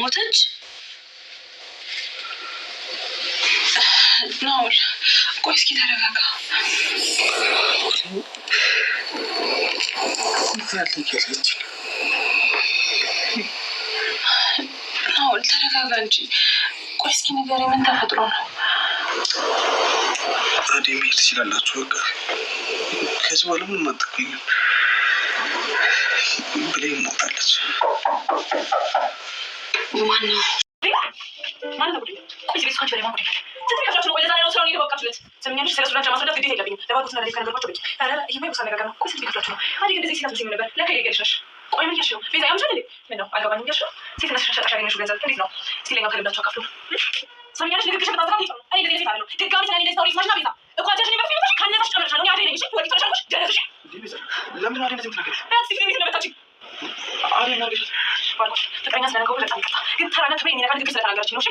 ሞተች ናውል ቆይ እስኪ ተረጋጋ ናውል ተረጋጋ እንጂ ቆይ እስኪ ነገር ምን ተፈጥሮ ነው አዴ መሄድ ትችላላችሁ በቃ ከዚህ በኋላ ምንም አጠቀኝም ብላ ይሞታለች የማን ነው? ለምን ትባለች። ፍቅረኛ ስለነገሩ በጣም ግን ተራነት ወይ የሚነካ ንግግር ስለተናገረች ነው።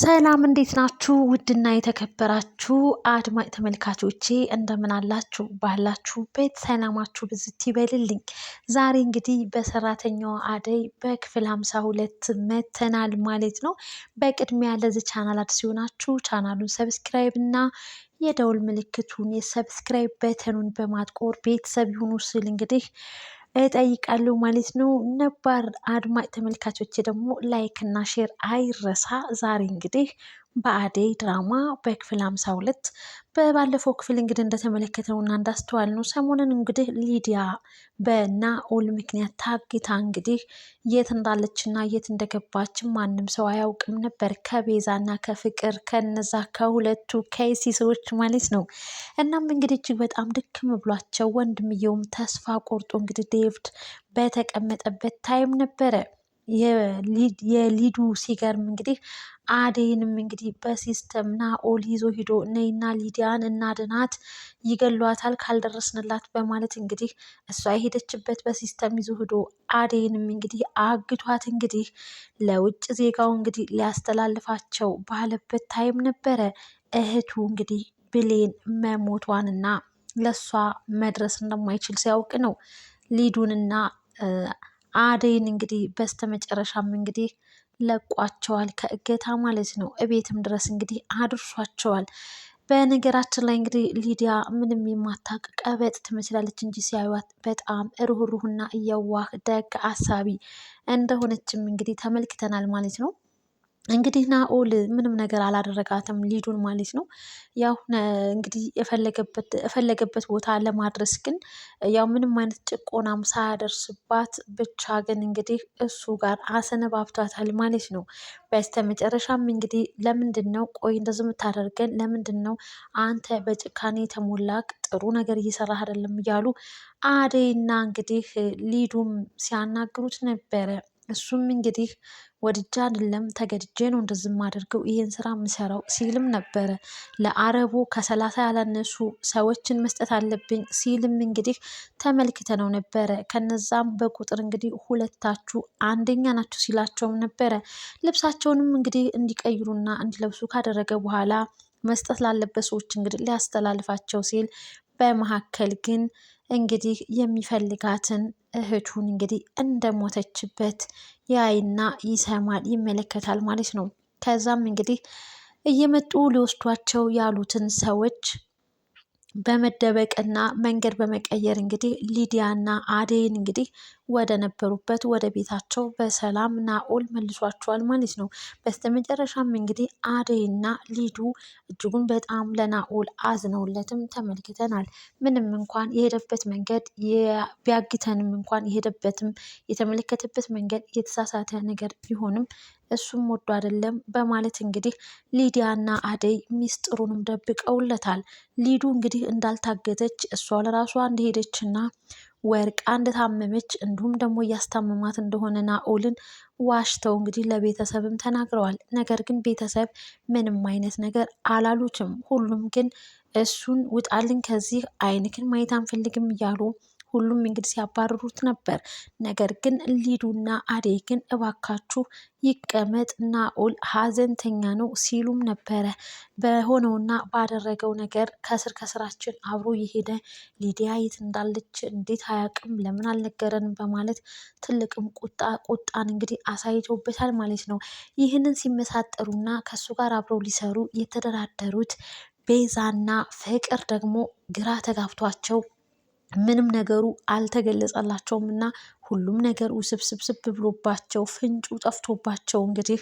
ሰላም እንዴት ናችሁ? ውድና የተከበራችሁ አድማጭ ተመልካቾቼ እንደምን አላችሁ? ባላችሁበት ሰላማችሁ ብዝት ይበልልኝ። ዛሬ እንግዲህ በሰራተኛዋ አደይ በክፍል ሀምሳ ሁለት መተናል ማለት ነው። በቅድሚያ ለዚህ ቻናል አዲስ ሲሆናችሁ ቻናሉን ሰብስክራይብ እና የደውል ምልክቱን የሰብስክራይብ በተኑን በማጥቆር ቤተሰብ ይሁኑ ስል እንግዲህ እጠይቃለሁ ማለት ነው። ነባር አድማጭ ተመልካቾች ደግሞ ላይክ እና ሼር አይረሳ። ዛሬ እንግዲህ በአደይ ድራማ በክፍል 52 በባለፈው ክፍል እንግዲህ እንዳስተዋል ነው ሰሞኑን እንግዲህ ሊዲያ በናኦል ምክንያት ታግታ እንግዲህ የት እንዳለችና የት እንደገባች ማንም ሰው አያውቅም ነበር። ከቤዛና ከፍቅር ከነዛ ከሁለቱ ከይሲ ሰዎች ማለት ነው። እናም እንግዲህ እጅግ በጣም ድክም ብሏቸው ወንድምየውም ተስፋ ቆርጦ እንግዲህ ዴቪድ በተቀመጠበት ታይም ነበረ። የሊዱ ሲገርም እንግዲህ አደይንም እንግዲህ በሲስተም ናኦል ይዞ ሂዶ ነይና ሊዲያን እናድናት ይገሏታል ካልደረስንላት በማለት እንግዲህ እሷ የሄደችበት በሲስተም ይዞ ሂዶ አደይንም እንግዲህ አግቷት እንግዲህ ለውጭ ዜጋው እንግዲህ ሊያስተላልፋቸው ባለበት ታይም ነበረ እህቱ እንግዲህ ብሌን መሞቷንና ለእሷ መድረስ እንደማይችል ሲያውቅ ነው ሊዱንና አደይን እንግዲህ በስተመጨረሻም እንግዲህ ለቋቸዋል ከእገታ ማለት ነው። እቤትም ድረስ እንግዲህ አድርሷቸዋል። በነገራችን ላይ እንግዲህ ሊዲያ ምንም የማታቅ ቀበጥ ትመስላለች እንጂ ሲያዩት በጣም ርኅሩህና እየዋህ ደግ አሳቢ እንደሆነችም እንግዲህ ተመልክተናል ማለት ነው። እንግዲህ ናኦል ምንም ነገር አላደረጋትም ሊዱን ማለት ነው። ያው እንግዲህ የፈለገበት ቦታ ለማድረስ ግን ያው ምንም አይነት ጭቆናም ሳያደርስባት ብቻ ግን እንግዲህ እሱ ጋር አሰነባብቷታል ማለት ነው። በስተመጨረሻም እንግዲህ ለምንድን ነው ቆይ እንደዚህ የምታደርገን ለምንድን ነው አንተ በጭካኔ የተሞላክ ጥሩ ነገር እየሰራህ አይደለም እያሉ አደይና እንግዲህ ሊዱም ሲያናግሩት ነበረ። እሱም እንግዲህ ወድጄ አይደለም ተገድጄ ነው እንደዚህ አድርገው ይህን ስራ የምሰራው ሲልም ነበረ። ለአረቡ ከሰላሳ ያላነሱ ሰዎችን መስጠት አለብኝ ሲልም እንግዲህ ተመልክተ ነው ነበረ። ከነዛም በቁጥር እንግዲህ ሁለታችሁ አንደኛ ናችሁ ሲላቸውም ነበረ። ልብሳቸውንም እንግዲህ እንዲቀይሩና እንዲለብሱ ካደረገ በኋላ መስጠት ላለበት ሰዎች እንግዲህ ሊያስተላልፋቸው ሲል በመካከል ግን እንግዲህ የሚፈልጋትን እህቱን እንግዲህ እንደሞተችበት ያይና ይሰማል ይመለከታል ማለት ነው። ከዛም እንግዲህ እየመጡ ሊወስዷቸው ያሉትን ሰዎች በመደበቅና መንገድ በመቀየር እንግዲህ ሊዲያና አደይን እንግዲህ ወደ ነበሩበት ወደ ቤታቸው በሰላም ናኦል መልሷቸዋል ማለት ነው። በስተመጨረሻም እንግዲህ አደይና ሊዱ እጅጉን በጣም ለናኦል አዝነውለትም ተመልክተናል። ምንም እንኳን የሄደበት መንገድ ቢያግተንም እንኳን የሄደበትም የተመለከተበት መንገድ የተሳሳተ ነገር ቢሆንም እሱም ወዶ አይደለም በማለት እንግዲህ ሊዲያና አደይ ሚስጥሩንም ደብቀውለታል። ሊዱ እንግዲህ እንዳልታገተች እሷ ለራሷ እና ወርቃ እንደታመመች እንዲሁም ደግሞ እያስታመማት እንደሆነ ናኦልን ዋሽተው እንግዲህ ለቤተሰብም ተናግረዋል። ነገር ግን ቤተሰብ ምንም አይነት ነገር አላሉትም። ሁሉም ግን እሱን ውጣልን ከዚህ አይንክን ማየት አንፈልግም እያሉ ሁሉም እንግዲህ ሲያባርሩት ነበር። ነገር ግን ሊዱና አዴ ግን እባካችሁ ይቀመጥ ናኦል ሀዘንተኛ ነው ሲሉም ነበረ። በሆነውና ባደረገው ነገር ከስር ከስራችን አብሮ የሄደ ሊዲያ የት እንዳለች እንዴት አያውቅም? ለምን አልነገረንም? በማለት ትልቅም ቁጣ ቁጣን እንግዲህ አሳይተውበታል ማለት ነው። ይህንን ሲመሳጠሩና ከእሱ ጋር አብረው ሊሰሩ የተደራደሩት ቤዛና ፍቅር ደግሞ ግራ ተጋብቷቸው ምንም ነገሩ አልተገለጸላቸውም እና ሁሉም ነገር ውስብስብስብ ብሎባቸው ፍንጩ ጠፍቶባቸው እንግዲህ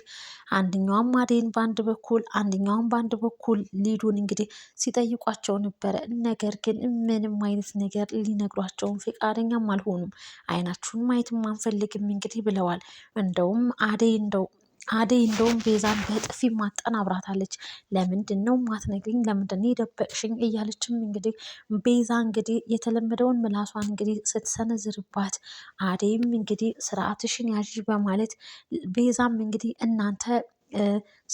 አንደኛውም አዴን በአንድ በኩል አንደኛውም በአንድ በኩል ሊዱን እንግዲህ ሲጠይቋቸው ነበረ። ነገር ግን ምንም አይነት ነገር ሊነግሯቸውን ፈቃደኛም አልሆኑም። አይናችሁን ማየትም አንፈልግም እንግዲህ ብለዋል። እንደውም አዴ እንደው አደይ እንደውም ቤዛን በጥፊ ማጠናብራታለች። ለምንድን ነው ማትነግሪኝ? ለምንድን ነው የደበቅሽኝ? እያለችም እንግዲህ ቤዛ እንግዲህ የተለመደውን ምላሷን እንግዲህ ስትሰነዝርባት፣ አደይም እንግዲህ ስርዓትሽን ያዥ በማለት ቤዛም እንግዲህ እናንተ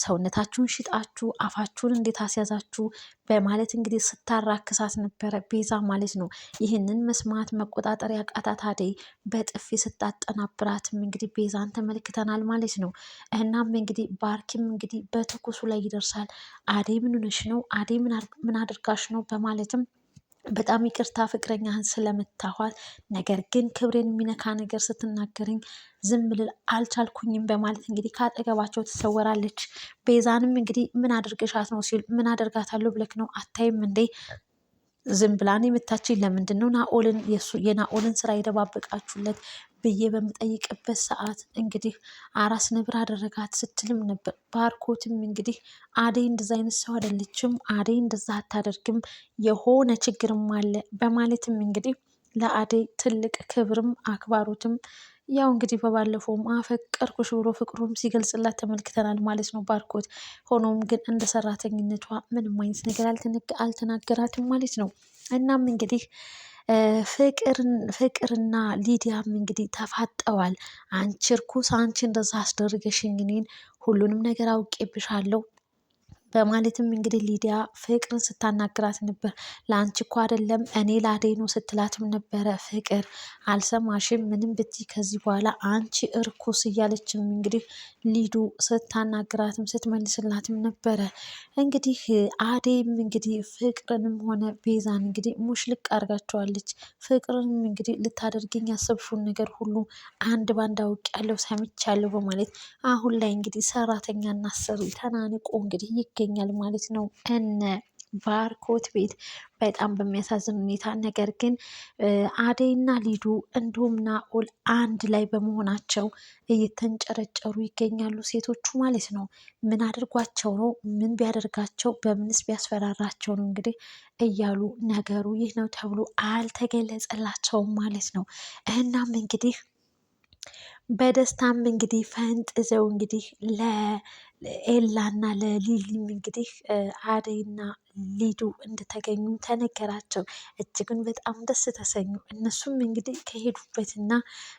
ሰውነታችሁን ሽጣችሁ አፋችሁን እንዴት አስያዛችሁ በማለት እንግዲህ ስታራክሳት ነበረ ቤዛ ማለት ነው። ይህንን መስማት መቆጣጠር ያቃታት አደይ በጥፊ ስታጠናብራትም እንግዲህ ቤዛን ተመልክተናል ማለት ነው። እናም እንግዲህ ባርኪም እንግዲህ በትኩሱ ላይ ይደርሳል። አደይ ምን ሆነሽ ነው? አደይ ምን አድርጋሽ ነው? በማለትም በጣም ይቅርታ ፍቅረኛህን ስለምታኋት፣ ነገር ግን ክብሬን የሚነካ ነገር ስትናገርኝ ዝም ልል አልቻልኩኝም በማለት እንግዲህ ከአጠገባቸው ትሰወራለች። ቤዛንም እንግዲህ ምን አድርገሻት ነው ሲል ምን አደርጋታለሁ ብለክ ነው አታይም እንዴ ዝም ብላን የምታችኝ ለምንድን ነው ናኦልን የናኦልን ስራ የደባበቃችሁለት ብዬ በምጠይቅበት ሰዓት እንግዲህ አራስ ነብር አደረጋት ስትልም ነበር። ባርኮትም እንግዲህ አደይ እንደዛ አይነት ሰው አይደለችም፣ አደይ እንደዛ አታደርግም፣ የሆነ ችግርም አለ በማለትም እንግዲህ ለአደይ ትልቅ ክብርም አክባሮትም ያው እንግዲህ በባለፈውም አፈቀርኩሽ ብሎ ፍቅሩም ሲገልጽላት ተመልክተናል ማለት ነው ባርኮት። ሆኖም ግን እንደ ሰራተኝነቷ ምንም አይነት ነገር አልተናገራትም ማለት ነው። እናም እንግዲህ ፍቅርና ሊዲያም እንግዲህ ተፋጠዋል። አንቺ እርኩስ፣ አንቺ እንደዛ አስደርገሽኝ እኔን ሁሉንም ነገር አውቄብሻለሁ በማለትም እንግዲህ ሊዲያ ፍቅርን ስታናግራት ነበር። ለአንቺ እኮ አይደለም እኔ ላደይ ስትላትም ነበረ። ፍቅር አልሰማሽም፣ ምንም ብቲ ከዚህ በኋላ አንቺ እርኩስ እያለችም እንግዲህ ሊዱ ስታናግራትም ስትመልስላትም ነበረ። እንግዲህ አዴም እንግዲህ ፍቅርንም ሆነ ቤዛን እንግዲህ ሙሽልቅ አርጋቸዋለች ፍቅርንም እንግዲህ ልታደርገኝ ያሰብሽውን ነገር ሁሉ አንድ ባንድ አውቄያለሁ፣ ሰምቻለሁ በማለት አሁን ላይ እንግዲህ ሰራተኛና አሰሪ ተናንቆ እንግዲህ ይገኛል። ይገኛል ማለት ነው እነ ባርኮት ቤት በጣም በሚያሳዝን ሁኔታ። ነገር ግን አደይና ሊዱ እንዲሁም ናኦል አንድ ላይ በመሆናቸው እየተንጨረጨሩ ይገኛሉ ሴቶቹ ማለት ነው። ምን አድርጓቸው ነው? ምን ቢያደርጋቸው፣ በምንስ ቢያስፈራራቸው ነው? እንግዲህ እያሉ ነገሩ ይህ ነው ተብሎ አልተገለጸላቸውም ማለት ነው። እናም እንግዲህ በደስታም እንግዲህ ፈንጥዘው እንግዲህ ለ ኤላና ለሊሊም እንግዲህ አደይና ሊዱ እንደተገኙ ተነገራቸው። እጅግን በጣም ደስ ተሰኙ። እነሱም እንግዲህ ከሄዱበትና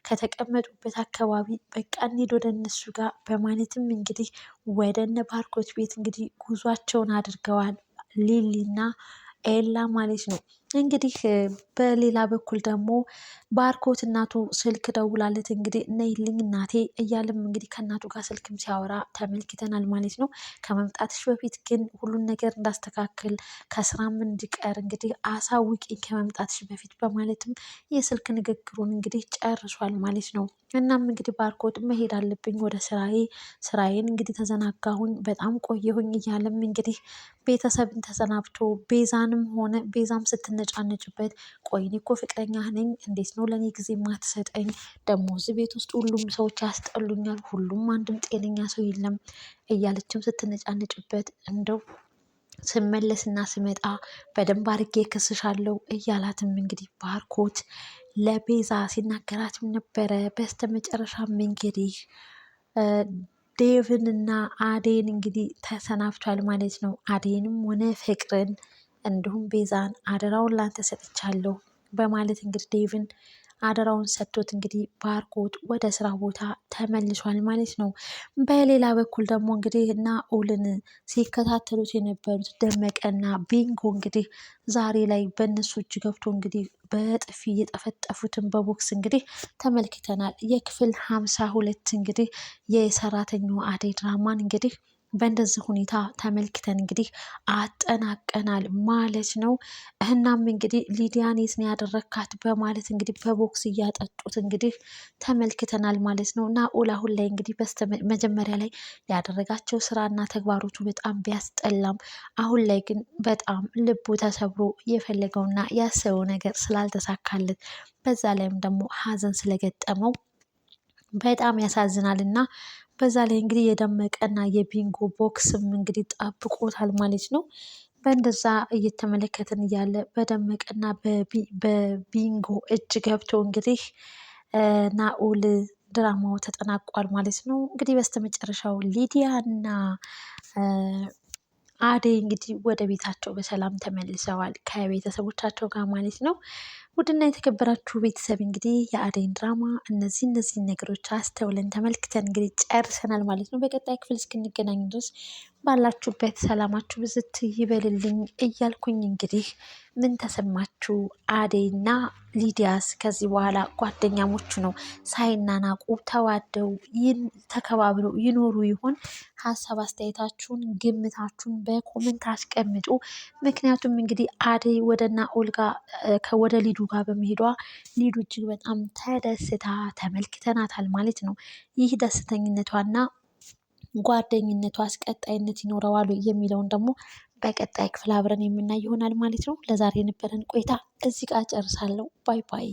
ከተቀመጡበት አካባቢ በቃ እንሂድ ወደ እነሱ ጋር በማለትም እንግዲህ ወደ እነ ባርኮት ቤት እንግዲህ ጉዟቸውን አድርገዋል። ሊሊና ኤላ ማለት ነው። እንግዲህ በሌላ በኩል ደግሞ ባርኮት እናቱ ስልክ ደውላለት እንግዲህ ነይልኝ እናቴ እያለም እንግዲህ ከእናቱ ጋር ስልክም ሲያወራ ተመልክተናል ማለት ነው። ከመምጣትሽ በፊት ግን ሁሉን ነገር እንዳስተካክል ከስራም እንድቀር እንግዲህ አሳውቂኝ ከመምጣትሽ በፊት በማለትም የስልክ ንግግሩን እንግዲህ ጨርሷል ማለት ነው። እናም እንግዲህ ባርኮት መሄድ አለብኝ ወደ ስራዬ፣ ስራዬን እንግዲህ ተዘናጋሁኝ፣ በጣም ቆየሁኝ እያለም እንግዲህ ቤተሰብን ተሰናብቶ ቤዛንም ሆነ ቤዛም ስትና ሳትነጫነጭበት ቆይ እኔ እኮ ፍቅረኛ ነኝ እንዴት ነው ለእኔ ጊዜ የማትሰጠኝ? ደግሞ እዚህ ቤት ውስጥ ሁሉም ሰዎች ያስጠሉኛል፣ ሁሉም አንድም ጤነኛ ሰው የለም እያለችም ስትነጫነጭበት እንደው ስመለስና ስመጣ በደንብ አድርጌ እከስሻለሁ እያላትም እንግዲህ ባርኮት ለቤዛ ሲናገራትም ነበረ። በስተመጨረሻም እንግዲህ እና አዴን እንግዲህ ተሰናብቷል ማለት ነው። አዴንም ሆነ ፍቅርን እንዲሁም ቤዛን አደራውን ላንተ ሰጥቻለሁ በማለት እንግዲህ ዴቭን አደራውን ሰጥቶት እንግዲህ ባርኮት ወደ ስራ ቦታ ተመልሷል ማለት ነው። በሌላ በኩል ደግሞ እንግዲህ እና ኡልን ሲከታተሉት የነበሩት ደመቀና ቢንጎ እንግዲህ ዛሬ ላይ በእነሱ እጅ ገብቶ እንግዲህ በጥፊ የጠፈጠፉትን በቦክስ እንግዲህ ተመልክተናል። የክፍል ሀምሳ ሁለት እንግዲህ የሰራተኛው አደይ ድራማን እንግዲህ በእንደዚህ ሁኔታ ተመልክተን እንግዲህ አጠናቀናል ማለት ነው። እህናም እንግዲህ ሊዲያን የት ነው ያደረካት በማለት እንግዲህ በቦክስ እያጠጡት እንግዲህ ተመልክተናል ማለት ነው። እና ኦላሁን ላይ እንግዲህ መጀመሪያ ላይ ያደረጋቸው ስራና ተግባሮቹ በጣም ቢያስጠላም፣ አሁን ላይ ግን በጣም ልቡ ተሰብሮ የፈለገውና ያሰበው ነገር ስላልተሳካለት በዛ ላይም ደግሞ ሀዘን ስለገጠመው በጣም ያሳዝናል እና በዛ ላይ እንግዲህ የደመቀና የቢንጎ ቦክስም እንግዲህ ጠብቆታል ማለት ነው። በእንደዛ እየተመለከትን እያለ በደመቀና በቢንጎ እጅ ገብቶ እንግዲህ ናኦል ድራማው ተጠናቋል ማለት ነው። እንግዲህ በስተመጨረሻው እና አደይ እንግዲህ ወደ ቤታቸው በሰላም ተመልሰዋል ከቤተሰቦቻቸው ጋር ማለት ነው። ውድና የተከበራችሁ ቤተሰብ እንግዲህ የአደይን ድራማ እነዚህ እነዚህን ነገሮች አስተውለን ተመልክተን እንግዲህ ጨርሰናል ማለት ነው። በቀጣይ ክፍል እስክንገናኝ ድረስ ባላችሁበት ሰላማችሁ ብዝት ይበልልኝ እያልኩኝ እንግዲህ ምን ተሰማችሁ? አደይና ሊዲያስ ከዚህ በኋላ ጓደኛሞቹ ነው ሳይናናቁ ተዋደው ተከባብረው ይኖሩ ይሆን? ሀሳብ አስተያየታችሁን፣ ግምታችሁን በኮመንት አስቀምጡ። ምክንያቱም እንግዲህ አደይ ወደና ኦልጋ ወደ ሊዱ ጋር በመሄዷ ሊዱ እጅግ በጣም ተደስታ ተመልክተናታል ማለት ነው። ይህ ደስተኝነቷና ጓደኝነቷ አስቀጣይነት ይኖረዋል የሚለውን ደግሞ በቀጣይ ክፍል አብረን የምናይ ይሆናል ማለት ነው። ለዛሬ የነበረን ቆይታ እዚህ ጋር ጨርሳለሁ። ባይ ባይ